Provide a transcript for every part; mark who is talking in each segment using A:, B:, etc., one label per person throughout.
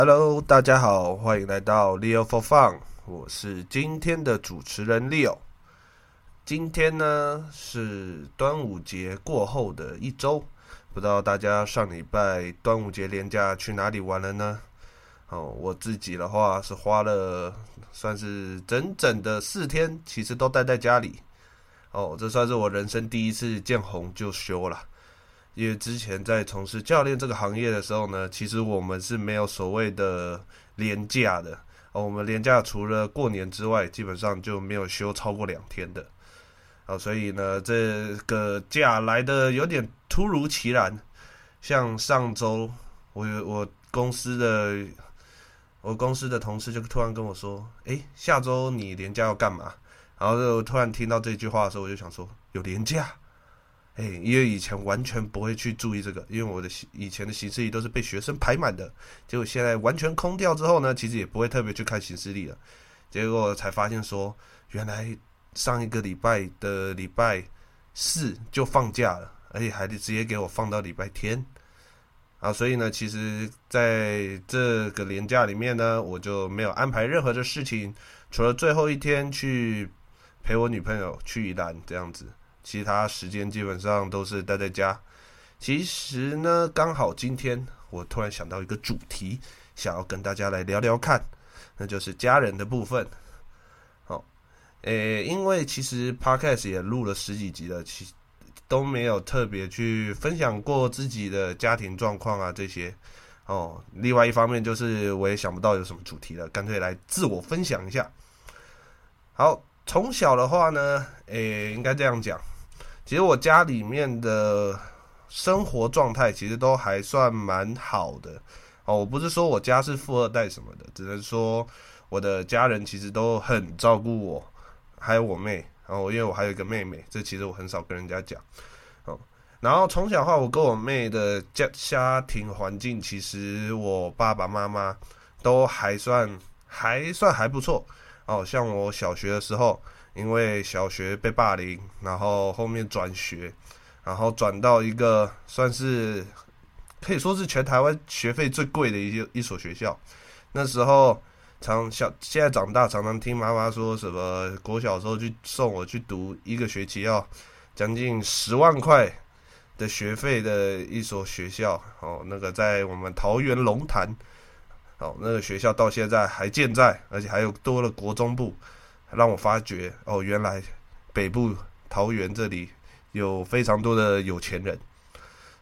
A: Hello，大家好，歡迎來到 Leo for Fun，我是今天的主持人 Leo。今天呢是端午節過後的一周，不知道大家上禮拜端午節連假去哪裡玩了呢？哦，我自己的話是花了，算是整整的四天，其實都待在家裡。哦，這算是我人生第一次見紅就休了。因為之前在從事教練這個行業的時候呢，其實我們是沒有所謂的連假的、哦、我們連假除了過年之外，基本上就沒有休超過兩天的啊、哦。所以呢，這個假來的有點突如其來。像上周，我我公司的我公司的同事就突然跟我說：“誒，下周你連假要幹嘛？”然後我突然聽到這句話的時候，我就想說：有連假。哎、欸，因為以前完全不會去注意這個，因為我的以前的行事曆都是被學生排滿的，結果現在完全空掉之後呢，其實也不會特別去看行事曆了，結果我才發現說，原來上一個禮拜的禮拜四就放假了，而且還得直接給我放到禮拜天，啊，所以呢，其實在這個連假裡面呢，我就沒有安排任何的事情，除了最後一天去陪我女朋友去宜蘭這樣子。其他時間基本上都是待在家。其實呢，剛好今天我突然想到一個主題，想要跟大家來聊聊看，那就是家人的部分。哦，誒，因為其實 Podcast 也錄了十幾集了，其實都沒有特別去分享過自己的家庭狀況啊這些。哦，另外一方面就是我也想不到有什麼主題了，乾脆來自我分享一下。好，從小的話呢，誒，應該這樣講。其實我家裡面的生活狀態其實都還算蠻好的哦，我不是說我家是富二代什麼的，只能說我的家人其實都很照顧我，還有我妹，然後，哦，因為我還有一個妹妹，這其實我很少跟人家講哦。然後從小的話，我跟我妹的家家庭環境，其實我爸爸媽媽都還算還算還不錯哦。像我小學的時候。因為小學被霸凌，然後後面轉學，然後轉到一個算是可以說是全台灣學費最貴的一些一所學校。那時候常小現在長大，常常聽媽媽說什麼，國小的時候去送我去讀一個學期要將近十萬塊的學費的一所學校。哦，那個在我們桃園龍潭，哦，那個學校到現在還健在，而且還有多了國中部。讓我發覺哦，原來北部桃園這裡有非常多的有錢人，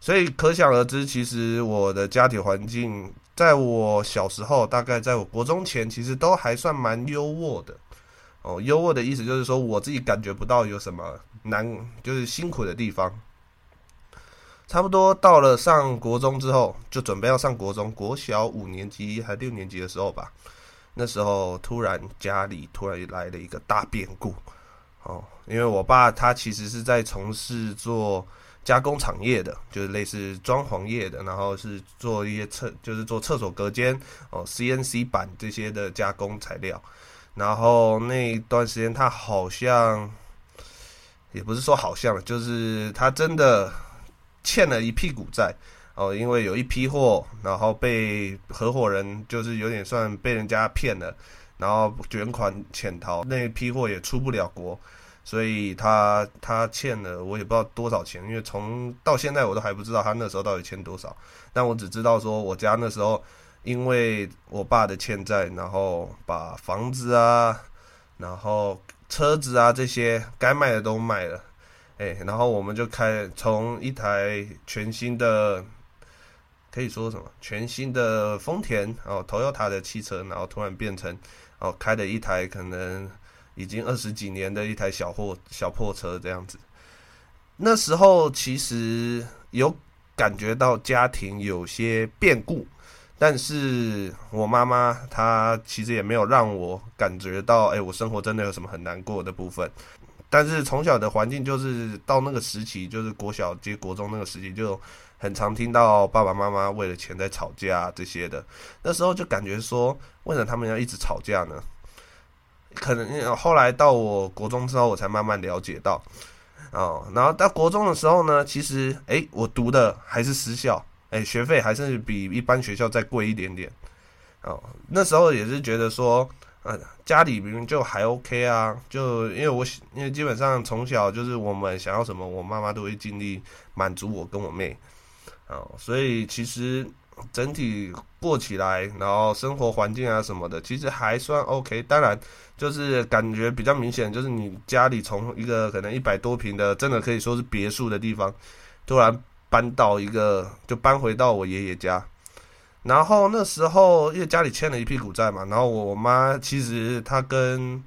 A: 所以可想而知，其實我的家庭環境在我小時候，大概在我國中前，其實都還算蠻優渥的。哦，優渥的意思就是說我自己感覺不到有什麼難，就是辛苦的地方。差不多到了上國中之後，就準備要上國中，國小五年級還是六年級的時候吧。那時候突然家裡突然來了一個大變故，哦，因為我爸他其實是在從事做加工產業的，就是類似裝潢業的，然後是做一些廁，就是做廁所隔間哦，CNC 板這些的加工材料。然後那一段時間他好像，也不是說好像，就是他真的欠了一屁股債。哦，因為有一批貨，然後被合夥人就是有點算被人家騙了，然後捲款潛逃，那一批貨也出不了國，所以他他欠了我也不知道多少錢，因為從到現在我都還不知道他那時候到底欠多少，但我只知道說我家那時候因為我爸的欠債，然後把房子啊，然後車子啊這些該賣的都賣了，哎、欸，然後我們就開從一台全新的。可以說什麼？全新的豐田哦，Toyota 的汽車，然後突然變成哦，開的一台可能已經二十幾年的一台小破小破車這樣子。那時候其實有感覺到家庭有些變故，但是我媽媽她其實也沒有讓我感覺到，哎、欸，我生活真的有什麼很難過的部分。但是從小的環境就是到那個時期，就是國小接國中那個時期就，很常聽到爸爸媽媽為了錢在吵架這些的，那時候就感覺說，為什麼他們要一直吵架呢？可能後來到我國中之後，我才慢慢了解到，哦，然後到國中的時候呢，其實，欸，我讀的還是私校，欸，學費還是比一般學校再貴一點點，哦，那時候也是覺得說，嗯，家裡明明就還 OK 啊，就因為我因為基本上從小就是我們想要什麼，我媽媽都會盡力滿足我跟我妹。啊，所以其實整體過起來，然後生活環境啊什麼的，其實還算 OK。當然，就是感覺比較明顯，就是你家裡從一個可能一百多坪的，真的可以說是別墅的地方，突然搬到一個，就搬回到我爺爺家。然後那時候因為家裡欠了一屁股債嘛，然後我媽其實她跟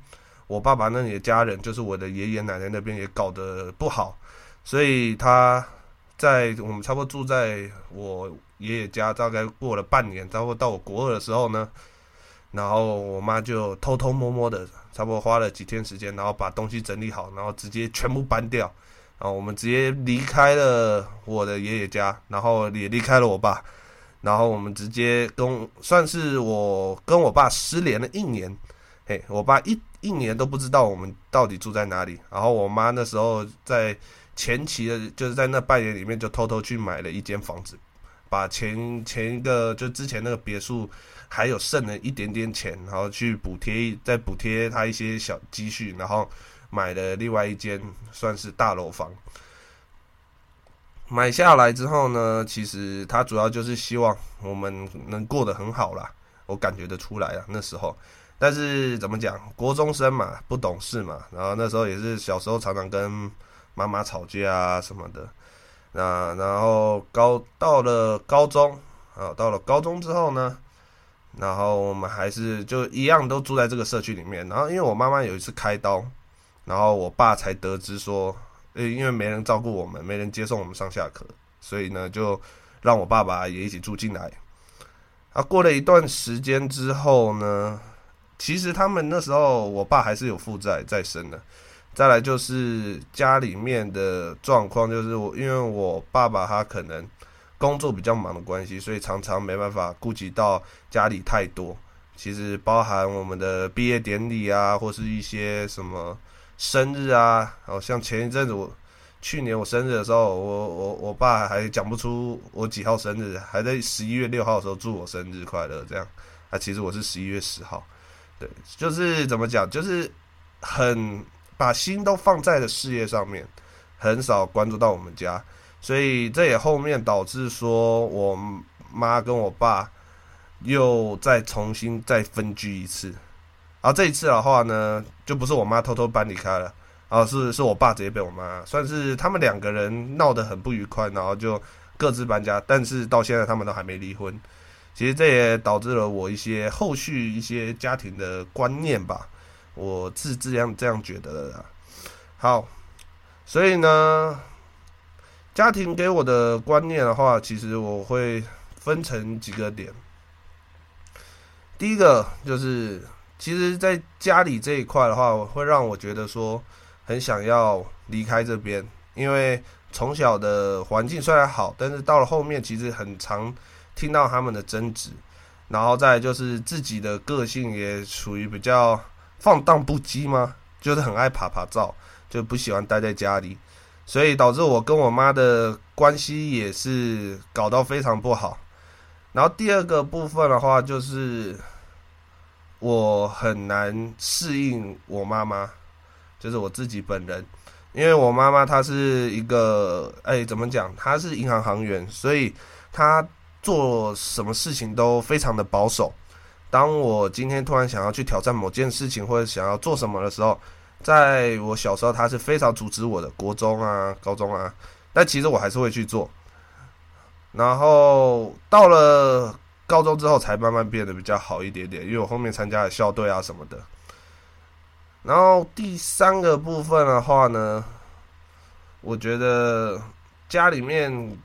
A: 我爸爸那裡的家人，就是我的爺爺奶奶那邊也搞得不好，所以她。在我們差不多住在我爺爺家，大概過了半年，差不多到我國二的時候呢，然後我媽就偷偷摸摸的，差不多花了幾天時間，然後把東西整理好，然後直接全部搬掉，然後我們直接離開了我的爺爺家，然後也離開了我爸，然後我們直接跟算是我跟我爸失聯了一年，嘿，我爸一一年都不知道我們到底住在哪裡，然後我媽那時候在。前期的就是在那半年裡面，就偷偷去買了一間房子，把前前一個就之前那個別墅還有剩了一點點錢，然後去補貼，再補貼他一些小積蓄，然後買了另外一間算是大樓房。買下來之後呢，其實他主要就是希望我們能過得很好啦，我感覺得出來啦。那時候，但是怎麼講，國中生嘛，不懂事嘛，然後那時候也是小時候常常跟。媽媽吵架啊什麼的，那然後高到了高中，啊到了高中之後呢，然後我們還是就一樣都住在這個社區裡面。然後因為我媽媽有一次開刀，然後我爸才得知說，欸，因為沒人照顧我們，沒人接送我們上下課，所以呢就讓我爸爸也一起住進來。啊過了一段時間之後呢，其實他們那時候我爸還是有負債在身的。再來就是家裡面的狀況，就是我因為我爸爸他可能工作比較忙的關係，所以常常沒辦法顧及到家裡太多。其實包含我們的畢業典禮啊，或是一些什麼生日啊，好像前一陣子我去年我生日的時候，我我我爸還講不出我幾號生日，還在十一月六號的時候祝我生日快樂這樣啊。其實我是十一月十號，對，就是怎麼講，就是很。把心都放在了事業上面，很少關注到我們家，所以這也後面導致說我媽跟我爸又再重新再分居一次，而、啊、這一次的話呢，就不是我媽偷偷搬離開了，而、啊、是是我爸直接被我媽，算是他們兩個人鬧得很不愉快，然後就各自搬家，但是到現在他們都還沒離婚。其實這也導致了我一些後續一些家庭的觀念吧。我是這樣這樣覺得的啦。好，所以呢，家庭給我的觀念的話，其實我會分成幾個點。第一個就是，其實在家裡這一塊的話，會讓我覺得說很想要離開這邊，因為從小的環境雖然好，但是到了後面其實很常聽到他們的爭執，然後再就是自己的個性也屬於比較。放蕩不羈嗎？就是很愛趴趴造，就不喜歡待在家裡，所以導致我跟我媽的關係也是搞到非常不好。然後第二個部分的話，就是我很難適應我媽媽，就是我自己本人，因為我媽媽她是一個，哎、欸，怎麼講？她是銀行行員，所以她做什麼事情都非常的保守。當我今天突然想要去挑戰某件事情或者想要做什麼的時候，在我小時候，他是非常阻止我的。國中啊，高中啊，但其實我還是會去做。然後到了高中之後，才慢慢變得比較好一點點，因為我後面參加了校隊啊什麼的。然後第三個部分的話呢，我覺得家裡面。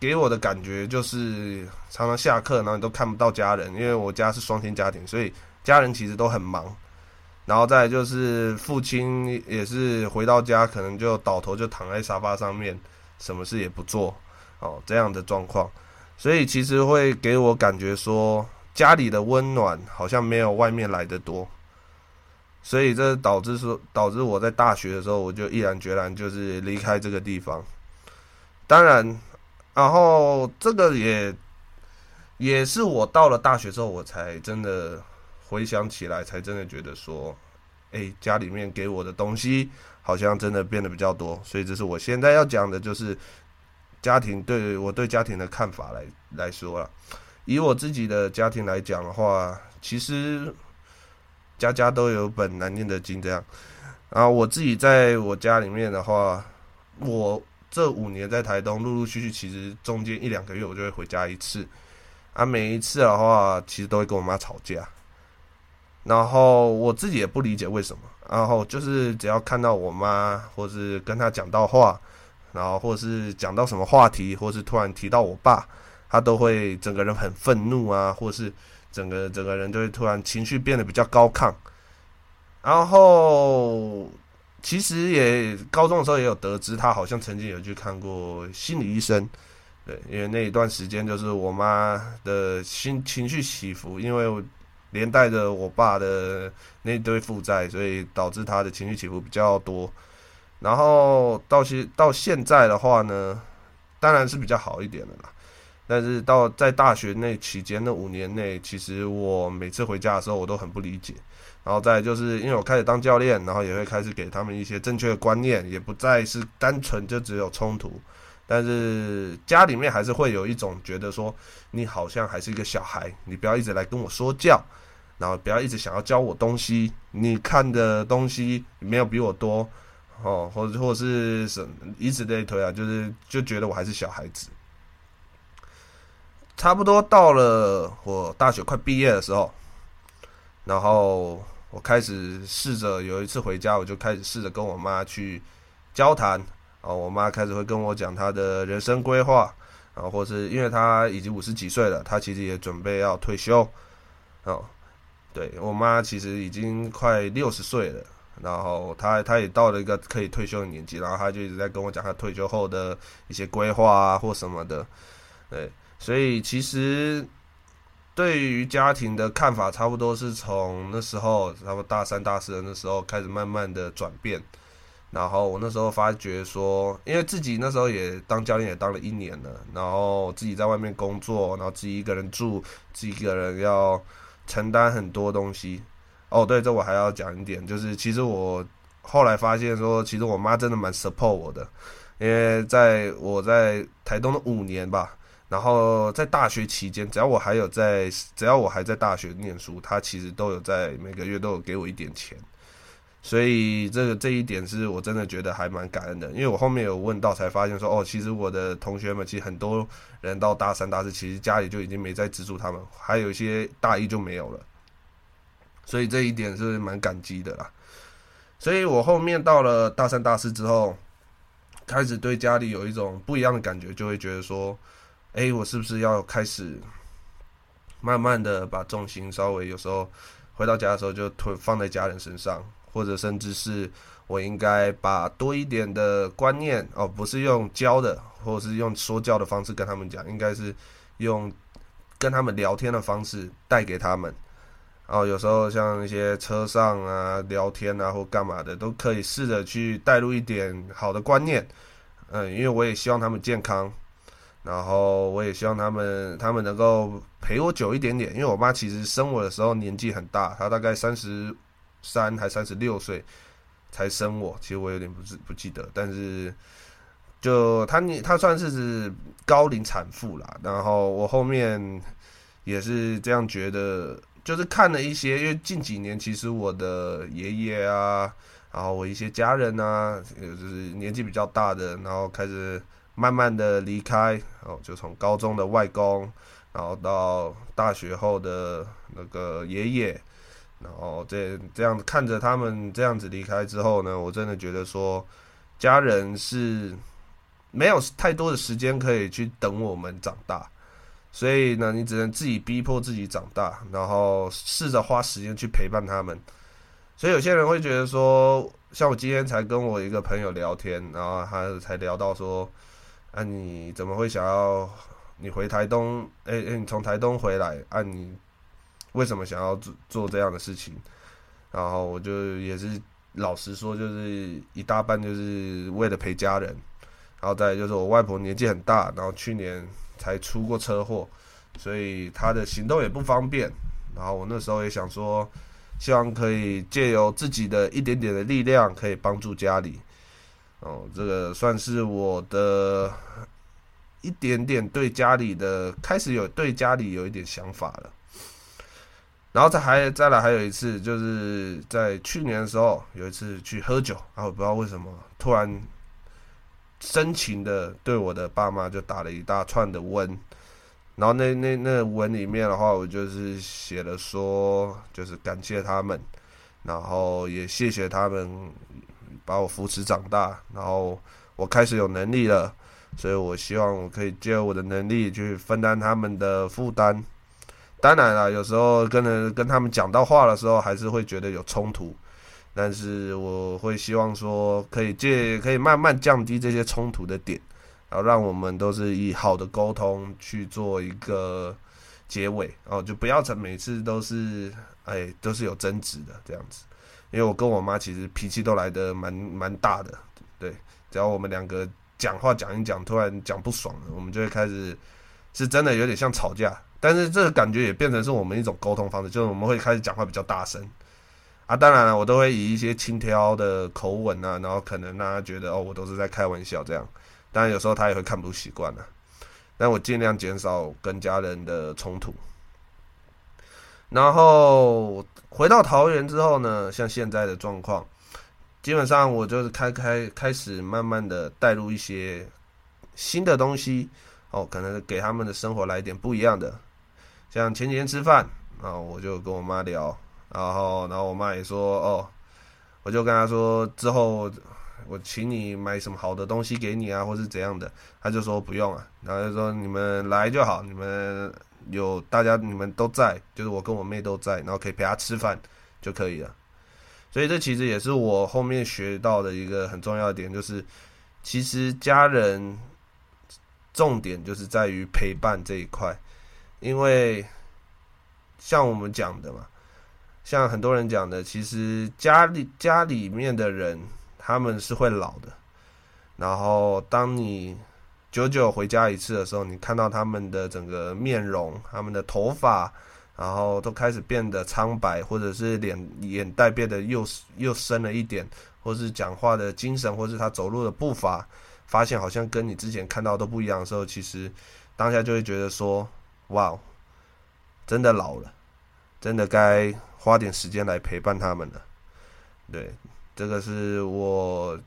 A: 給我的感覺就是，常常下課然後你都看不到家人，因為我家是雙親家庭，所以家人其實都很忙。然後再來就是父親也是回到家可能就倒頭就躺在沙發上面，什麼事也不做哦，這樣的狀況，所以其實會給我感覺說家裡的溫暖好像沒有外面來得多，所以這導致說導致我在大學的時候我就毅然決然就是離開這個地方，當然。然後這個也，也是我到了大學之後，我才真的回想起來，才真的覺得說，誒，家裡面給我的東西好像真的變得比較多。所以，這是我現在要講的，就是家庭對我對家庭的看法來來說了。以我自己的家庭來講的話，其實家家都有本難念的經。這樣，然後我自己在我家裡面的話，我。這五年在台東，陸陸續續，其實中間一兩個月我就會回家一次，啊，每一次的話，其實都會跟我媽吵架，然後我自己也不理解為什麼，然後就是只要看到我媽，或是跟她講到話，然後或是講到什麼話題，或是突然提到我爸，她都會整個人很憤怒啊，或是整個整個人就會突然情緒變得比較高亢，然後。其實也高中的時候也有得知，他好像曾經有去看過心理醫生，對，因為那一段時間就是我媽的心情緒起伏，因為我連帶着我爸的那堆負債，所以導致他的情緒起伏比較多。然後到現到現在的話呢，當然是比較好一點的了，但是到在大學那期間那五年內，其實我每次回家的時候，我都很不理解。然後再來就是，因為我開始當教練，然後也會開始給他們一些正確的觀念，也不再是單純就只有衝突。但是家裡面還是會有一種覺得說，你好像還是一個小孩，你不要一直來跟我說教，然後不要一直想要教我東西，你看的東西沒有比我多哦，或者或者是什，以此類推啊，就是就覺得我還是小孩子。差不多到了我大學快畢業的時候。然後我開始試着有一次回家，我就開始試着跟我媽去交談哦，我媽開始會跟我講她的人生規劃，然後或是因為她已經五十幾歲了，她其實也準備要退休哦，對我媽其實已經快六十歲了，然後她她也到了一個可以退休的年紀，然後她就一直在跟我講她退休後的一些規劃啊或什麼的，對，所以其實。對於家庭的看法，差不多是從那時候，他們大三、大四的那時候開始慢慢的轉變。然後我那時候發覺說，因為自己那時候也當教練也當了一年了，然後自己在外面工作，然後自己一個人住，自己一個人要承擔很多東西。哦，對，這我還要講一點，就是其實我後來發現說，其實我媽真的蠻 support 我的，因為在我在台東的五年吧。然後在大學期間，只要我還有在，只要我還在大學念書，他其實都有在每個月都有給我一點錢，所以這個這一點是我真的覺得還蠻感恩的。因為我後面有問到才發現說，哦，其實我的同學們其實很多人到大三、大四，其實家裡就已經沒在資助他們，還有一些大一就沒有了，所以這一點是蠻感激的啦。所以我後面到了大三、大四之後，開始對家裡有一種不一樣的感覺，就會覺得說。哎，我是不是要開始慢慢的把重心稍微有時候回到家的時候就推放在家人身上，或者甚至是我應該把多一點的觀念哦，不是用教的，或者是用說教的方式跟他們講，應該是用跟他們聊天的方式帶給他們。然後，哦，有時候像一些車上啊聊天啊或幹嘛的，都可以試着去帶入一點好的觀念。嗯，因為我也希望他們健康。然後我也希望他們他們能夠陪我久一點點，因為我媽其實生我的時候年紀很大，她大概三十三還三十六歲才生我，其實我有點不是不記得，但是就她她算是高齡產婦啦。然後我後面也是這樣覺得，就是看了一些，因為近幾年其實我的爺爺啊，然後我一些家人啊，就是年紀比較大的，然後開始。慢慢的離開，然後就從高中的外公，然後到大學後的那個爺爺，然後這這樣看着他們這樣子離開之後呢，我真的覺得說，家人是沒有太多的時間可以去等我們長大，所以呢，你只能自己逼迫自己長大，然後試着花時間去陪伴他們。所以有些人會覺得說，像我今天才跟我一個朋友聊天，然後他才聊到說。那、啊、你怎麼會想要你回台東？哎、欸、哎、欸，你從台東回來，啊你為什麼想要做做這樣的事情？然後我就也是老實說，就是一大半就是為了陪家人。然後再就是我外婆年紀很大，然後去年才出過車禍，所以她的行動也不方便。然後我那時候也想說，希望可以借由自己的一點點的力量，可以幫助家裡。哦，這個算是我的一點點對家裡的開始有對家裡有一點想法了。然後，再還再來還有一次，就是在去年的時候，有一次去喝酒，然後，啊，我不知道為什麼突然深情的對我的爸媽就打了一大串的文。然後那，那那那文裡面的話，我就是寫了說，就是感謝他們，然後也謝謝他們。把我扶持長大，然後我開始有能力了，所以我希望我可以借我的能力去分擔他們的負擔。當然啦，有時候跟人跟他們講到話的時候，還是會覺得有衝突，但是我會希望說可以借可以慢慢降低這些衝突的點，然後讓我們都是以好的溝通去做一個結尾哦，就不要成每次都是哎都是有爭執的這樣子。因為我跟我媽其實脾氣都來得蠻蠻大的，對，只要我們兩個講話講一講，突然講不爽了，我們就會開始，是真的有點像吵架，但是這個感覺也變成是我們一種溝通方式，就是我們會開始講話比較大聲，啊，當然了、啊，我都會以一些輕佻的口吻啊，然後可能讓他覺得、哦、我都是在開玩笑這樣，當然有時候他也會看不習慣的、啊，但我盡量減少跟家人的衝突。然後回到桃園之後呢，像現在的狀況，基本上我就是開開開始慢慢的帶入一些新的東西哦，可能給他們的生活來點不一樣的。像前幾天吃飯啊，然後我就跟我媽聊，然後然後我媽也說哦，我就跟她說之後我請你買什麼好的東西給你啊，或是怎樣的，她就說不用啊，然後就說你們來就好，你們。有大家，你們都在，就是我跟我妹都在，然後可以陪她吃飯就可以了。所以這其實也是我後面學到的一個很重要的點，就是其實家人重點就是在於陪伴這一塊，因為像我們講的嘛，像很多人講的，其實家裡家裡面的人他們是會老的，然後當你。久久回家一次的時候，你看到他們的整個面容、他們的頭髮，然後都開始變得蒼白，或者是臉眼袋變得又又深了一點，或是講話的精神，或是他走路的步伐，發現好像跟你之前看到都不一樣的時候，其實當下就會覺得說：“哇，真的老了，真的該花點時間來陪伴他們了。”對，這個是我。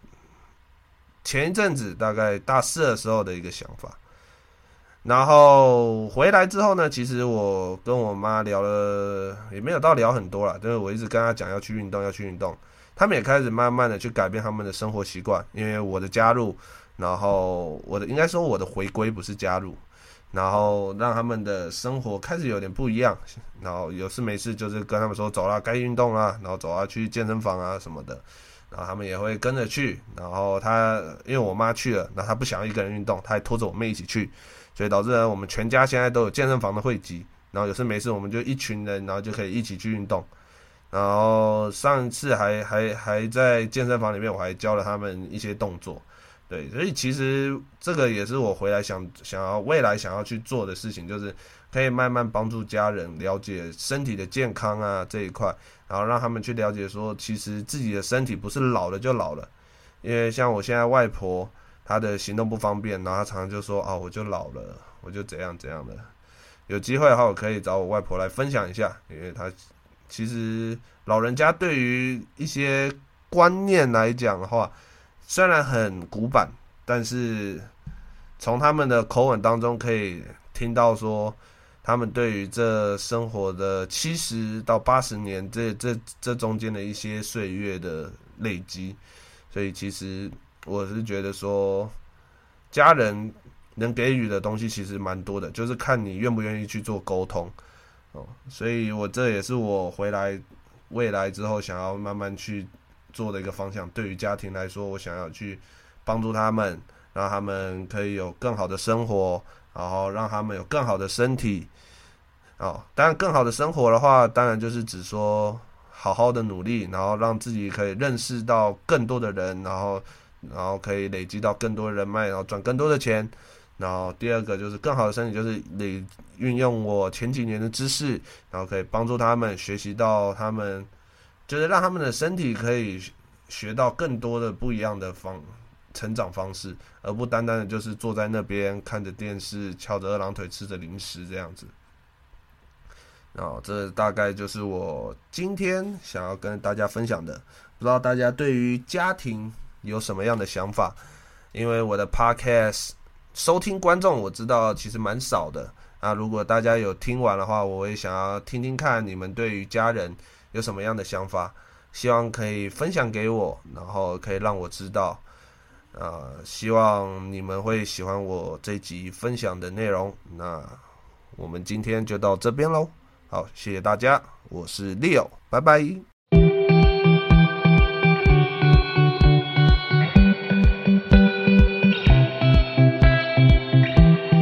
A: 前一陣子，大概大四的時候的一個想法，然後回來之後呢，其實我跟我媽聊了，也沒有到聊很多啦，就是我一直跟她講要去運動，要去運動，他們也開始慢慢的去改變他們的生活習慣，因為我的加入，然後我的應該說我的回歸不是加入，然後讓他們的生活開始有點不一樣，然後有事沒事就是跟他們說走啦，該運動啦；然後走啊去健身房啊什麼的。然後他們也會跟着去，然後他因為我媽去了，那他不想一個人運動，他還拖着我妹一起去，所以導致呢，我們全家現在都有健身房的會籍。然後有事沒事我們就一群人，然後就可以一起去運動。然後上一次還還還在健身房裡面，我還教了他們一些動作。對，所以其實這個也是我回來想想要未來想要去做的事情，就是可以慢慢幫助家人了解身體的健康啊這一塊。然後讓他們去了解，說其實自己的身體不是老了就老了，因為像我現在外婆，她的行動不方便，然後她常常就說：“哦，我就老了，我就怎樣怎樣的。”有機會的話，我可以找我外婆來分享一下，因為她其實老人家對於一些觀念來講的話，雖然很古板，但是從他們的口吻當中可以聽到說。他們對於這生活的七十到八十年這，這這這中間的一些歲月的累積，所以其實我是覺得說，家人能給予的東西其實蠻多的，就是看你願不願意去做溝通哦。所以我這也是我回來未來之後想要慢慢去做的一個方向。對於家庭來說，我想要去幫助他們，讓他們可以有更好的生活。然後讓他們有更好的身體，哦，當然更好的生活的話，當然就是只說好好的努力，然後讓自己可以認識到更多的人，然後，然後可以累積到更多人脈，然後賺更多的錢。然後第二個就是更好的身體，就是你運用我前幾年的知識，然後可以幫助他們學習到他們，就是讓他們的身體可以學到更多的不一樣的方。成長方式，而不單單的就是坐在那邊看着電視，翹着二郎腿，吃着零食這樣子。啊，這大概就是我今天想要跟大家分享的。不知道大家對於家庭有什麼樣的想法？因為我的 podcast 收聽觀眾，我知道其實蠻少的啊。如果大家有聽完的話，我也想要聽聽看你們對於家人有什麼樣的想法，希望可以分享給我，然後可以讓我知道。啊、呃，希望你們會喜歡我這集分享的內容。那我們今天就到這邊嘍。好，謝謝大家，我是 Leo，拜拜。